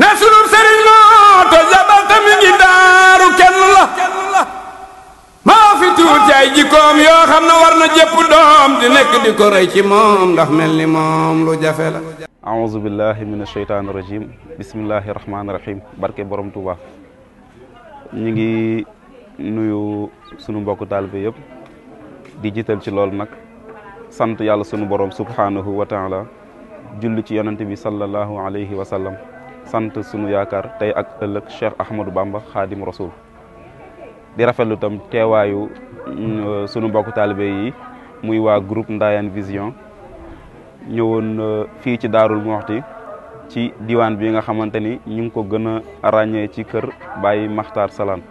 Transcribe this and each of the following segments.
ne sunu sëriñ moo toj la mi ngi daaru kenn la moo fi tuuti ay yoo xam ne war na doom di nekk di ko ci moom ndax mel ni moom lu jafe la aouzu billahi min asheytaani rajim bismillahi rahmaani rahim barke borom Tuuba ñu ngi nuyu sunu mbokku taalibe yëpp di jiital ci lool nag sant yàlla sunu borom subhaanahu wa taala julli ci yonante bi sallallahu alayhi wa sallam sant sunu yaakaar tey ak ëllëg Cheikh Ahmadou Bamba Xaadim Rasul di rafetlu tam teewaayu mm, euh, sunu mbokk taalibe yi muy waa groupe Ndayane Vision ñëwoon euh, fii ci Daarul Muxti ci diwaan bi nga xamante ni ñu ngi ko gën a ràññee ci kër Baye Makhtar Salane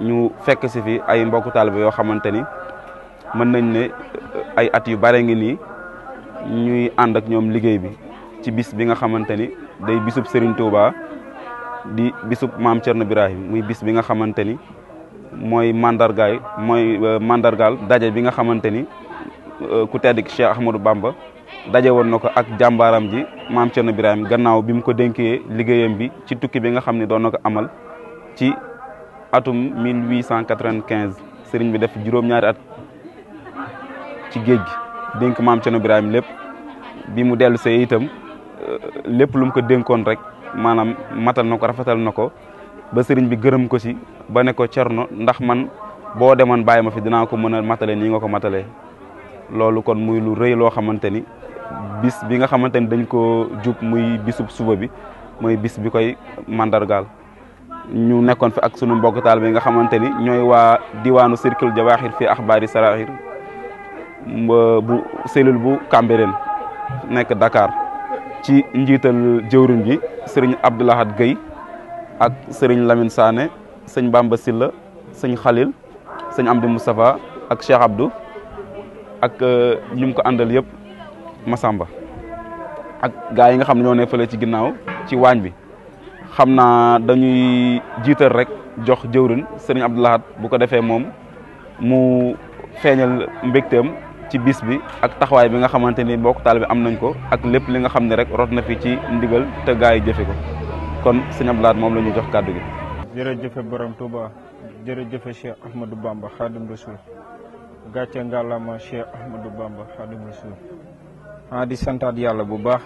ñu fekk si fi ay mbokk taalibe yoo xamante ni mën nañ ne ay at yu bare ngi nii ñuy ànd ak ñoom liggéey bi ci bis bi nga xamante day bisub Serigne Touba di bisub maam Thierno Birahim muy bis bi nga xamante ni mooy mandargaay mooy euh, mandargaal daje bi nga xamante ni euh, ku tedd ki Cheikh Ahmadou Bamba daje woon na ko ak jàmbaaram ji maam Thierno Birahim gannaaw bi mu ko dénkee liggéeyam bi ci tukki bi nga xam ne doon na ko amal ci atum 1895 sëriñ bi def juróom-ñaari at ci géej gi dénk maam Thierno Birahim lépp bi mu dellu see itam lépp lum ko dénkoon rek maanaam matal na ko rafetal na ko ba sëriñ bi gërëm ko si ba nekko ko cerno ndax man boo demoon bàyyi ma fi dinaa ko mën a matale nii nga ko matalee loolu kon muy lu rëy loo xamante ni bis bi nga xamante ni dañ ko jub muy bisub suba bi mooy bis bi koy mandargaal ñu nekkoon fi ak sunu mbokk taal bi nga xamante ni ñooy waa diwaanu cercle jawaaxir fii axbaari saraxir bu cellule bu Cambérène nekk dakaar ci njiital jëwriñ bi sëriñ Abdou Lahad ak sëriñ lamin Sané sëñ Bamba Silla sëñ xalil sëñ Amdi Moustapha ak Cheikh Abdou ak euh, ñu mu ko àndal yëpp Massamba ak gaa yi nga xam ne ñoo ne fële ci ginnaaw ci waañ bi xam naa dañuy jiital rek jox jëwriñ sëriñ Abdou bu ko defee moom mu feeñal mbégteem ci bis bi ak taxawaay bi nga xamante ni mbokk taal bi am nañ ko ak lépp li nga xam ne rek rot na fi ci ndigal te gaa yi jëfe ko kon sëñ Abdou Lahad moom la ñuy jox kàddu gi. jërëjëf borom Touba jërëjëf Cheikh Ahmadou Bamba Khadim Rasoul gàcce ngàllama Cheikh Ahmadou Bamba Khadim Rasoul ah di santaat yàlla bu baax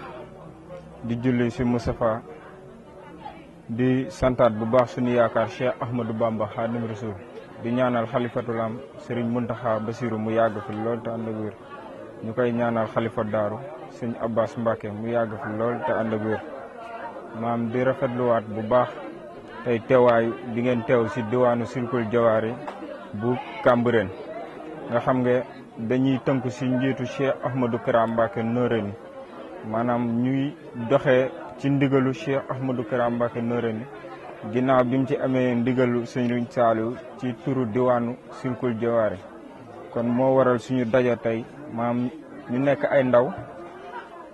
di julli si Moustapha di santaat bu baax suñu yaakaar Cheikh Ahmadou Bamba Xaadimu Rasuul di ñaanal xalifatul am sëriñ Muntaxa Basiru mu yàgg fu lool te ànd ak ñu koy ñaanal xalifa daaru sëñ Abbas Mbàkke mu yàgg fi lool te ànd ak maam di rafetluwaat bu baax tey teewaay bi ngeen teew si diwaanu Silkul Jawaari bu Cambérène nga xam nga dañuy tënku si njiitu Cheikh Ahmadou Kara Mbàkke Noreyni maanaam ñuy doxee ci ndigalu Cheikh Ahmadou Kara Mbacké Noreyni ginnaaw bi mu ci amee ndigalu sëriñ Saaliw ci turu diwaanu Silkul Jawaare kon moo waral suñu daja tey maam ñu nekk ay ndaw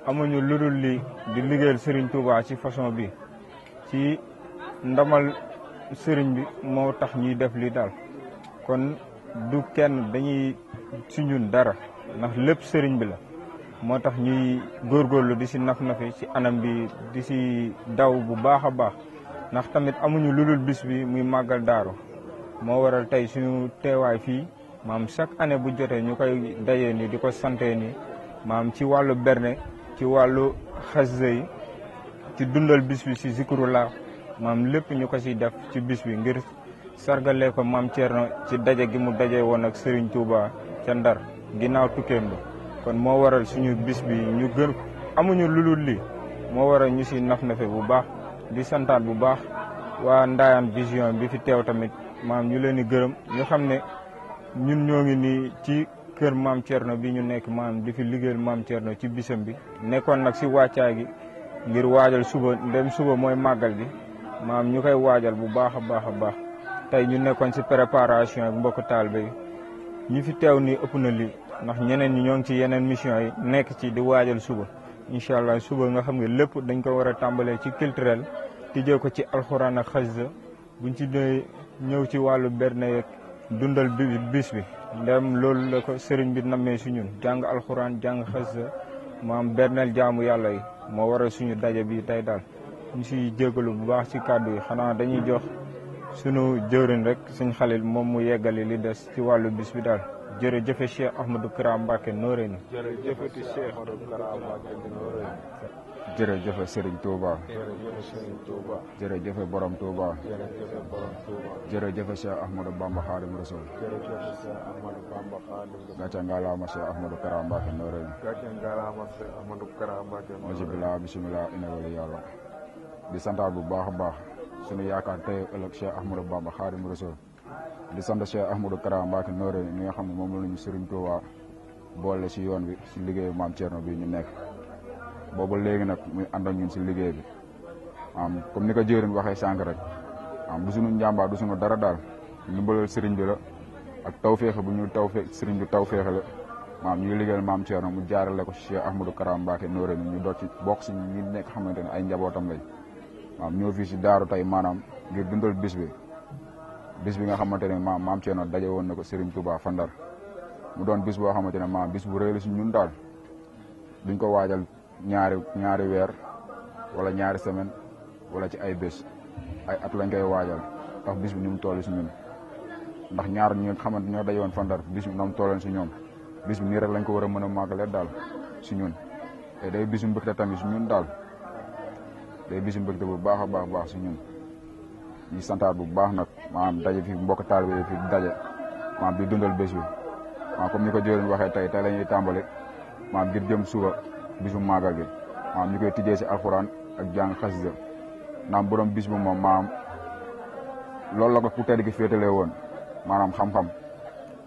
amuñu lu dul li di liggéeyal sëriñ Touba ci façon bi ci ndamal sëriñ bi moo tax ñuy def li daal kon du kenn dañuy si dara ndax lépp sëriñ bi la moo tax ñuy góorgóorlu di si naf nafi si anam bi di si daw bu baax a baax ndax tamit amuñu lu ludul bis bi muy màggal daaru moo waral tey suñu teewaay fii maam chaque année bu jotee ñu koy dajee ni di ko santee ni maam ci wàllu berne ci wàllu xasida yi ci dundal bis bi si zikru la maam lépp ñu ko si def ci bis bi ngir sargalee ko maam na ci daje gi mu daje woon ak Serigne Touba ca Ndar ginnaaw tukkeem ba kon moo waral suñu bis bi ñu gën amuñu lulul li moo waral ñu si naf nafe bu baax di santaan bu baax waa Ndayane Vision bi fi teew tamit maam ñu leen di gërëm ñu xam ne ñun ñoo ngi nii ci kër maam Thierno bi ñu nekk maam di fi liggéeyal maam no ci bisam bi nekkoon nag si wàccaay gi ngir waajal suba ndem suba mooy màggal gi maam ñu koy waajal bu baax a baax a baax tey ñu nekkoon si préparation ak mbokk taalibe yi ñu fi teew nii ëpp na lii ndax ñeneen ñi ñoo ci yeneen mission yi nekk ci di waajal suba incha allah suba nga xam nga lépp dañ ko war a tàmbalee ci culturel tijjee ko ci alxuraan ak xasida buñ ci dee ñëw ci wàllu berne yeeg dundal bis bi ndem loolu la ko sëriñ bi nammee su ñun jàng alxuraan jàng xasida maam berneel jaamu yàlla yi moo waral suñu daje bi tey daal ñu siy jégalu bu baax ci kàddu yi xanaa dañuy jox sunu jëwriñ rek suñ xalil moom mu yeggali li des ci wàllu bis daal jërëjëf Cheikh Ahmadou Kara Mbacké Noreyni. jërëjëf Cheikh Ahmadou Kara Mbacké Noreyni. jërëjëf Serigne Touba. jërëjëf Serigne Touba. jërëjëf Borom Touba. jërëjëf Borom Touba. jërëjëf Cheikh Ahmadou Bamba Khadim Rasoul. jërëjëf Cheikh Ahmadou Bamba Khadim Rasoul. gàcce ngalaama Cheikh Ahmadou yàlla. di bu baax a baax. sunu yaakaar tey ëllëg Cheikh Ahmadou Bamba Khadim di sant Cheikh Ahmadou Kara Mbacké Noré mi nga xam ne moom la ñu Serigne waa boole si yoon bi si liggéeyu maam Thierno bi ñu nekk boobu léegi nag muy ànd ak ñun si liggéey bi am comme ni ko jëriñ waxee sànq rek am du suñu njàmbaar du suñu dara daal ndimbalal Serigne bi la ak taw tawféex bu ñu tawféex Serigne bi tawféex la maam ñu ngi liggéeyal maam Thierno mu jaarale ko Cheikh Ahmadou Kara Mbacké Noré mi ñu doot ci bokk si ñi nekk xamante ne ay njabootam lañ ñoo fii si daaru tey maanaam ngir dundal bis bi bis bi nga xamante ne maam maam Thierno daje woon na ko Serigne Touba Fandar mu doon bis boo xamante ne maam bis bu rëy la si ñun daal biñ ko waajal ñaari ñaari weer wala ñaari semaine wala ci ay bés ay at lañ koy waajal ndax bis bu ni mu toll si ñun ndax ñaar ñi nga xamante ñoo daje woon Fandar bis bi na mu tolloon si ñoom bis bi nii rek lañ ko war a mën a màggalee daal si ñun te day bisu mbégte tamit si ñun daal day bisu bu baax a baax baax si ñun ñu santaat bu baax nag. maanaam daje fi mbokk taal yi fi daje maanaam di dundal bés bi maanaam comme ni ko jëwriñ waxee tey tey la ñuy tàmbali maanaam ngir jëm suba bisu màggal gi maanaam ñu koy tijjee si alxuraan ak jàng xasida naam borom bis bu moom maam loolu la ko ku tedd gi féetale woon maanaam xam-xam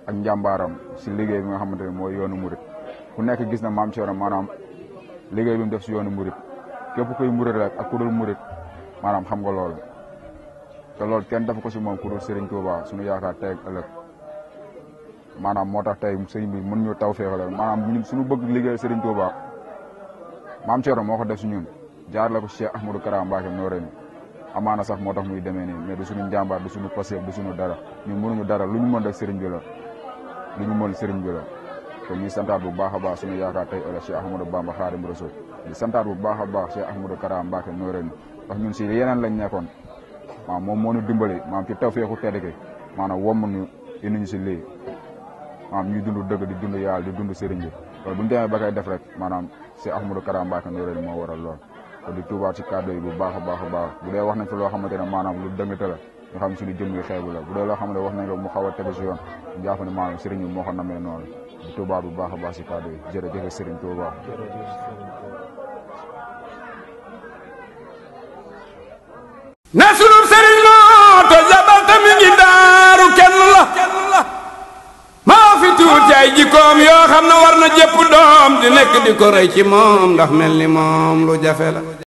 ak njàmbaaram si liggéey bi nga xamante ne mooy yoonu murit ku nekk gis na maam Thierno maanaam liggéey bi mu def si yoonu murit képp kuy murit rek ak ku dul murit maanaam xam nga loolu te loolu kenn dafa ko si moom ku dul Serigne Touba suñu yaakaar tey ak ëllëg maanaam moo tax tey mu sëñ bi mën ñu taw féexale maanaam ñun suñu bëgg liggéey Serigne Touba maam Thierno moo ko def si ñun jaar la ko Cheikh Ahmadou Kara Mbacké nooré ni amaana sax moo tax muy demee nii mais du suñu njàmbaar du suñu passeef du suñu dara ñun mënuñu dara lu ñu mën rek Serigne bi la lu ñu mën Serigne bi la te ñuy santaat bu a baax suñu yaakaar tey ëllëg Cheikh Ahmadou Bamba Khadim Rassoul di santaat bu baax a baax Cheikh Ahmadou Kara Mbacké nooré ni ndax ñun si yeneen lañ nekkoon maanaam moom moo ñu dimbali maanaam ci tawféexu tedd gi maanaam womm ñu indi ñu si lii maanaam ñuy dund dëgg di dund yàlla di dund sëriñ bi loolu bu ñu a ba koy def rek maanaam si Ahmadou Kara Mbacké Noreyni moo waral lool di tuubaat si kàddu yi bu baax a baax a baax bu dee wax nañ fi loo xamante ne maanaam lu dëngate la xam suñu jëmm yi xeebu la ne wax nañ ko mu a tegu si yoon moo ko namee noonu di tuubaat bu baax a baax si kàddu yi jërëjëf sëriñ Tuubaa Nasru ay jikkoom yoo xam na war na jëpp doom di nekk di ko rey ci moom ndax mel ni moom lu jafe la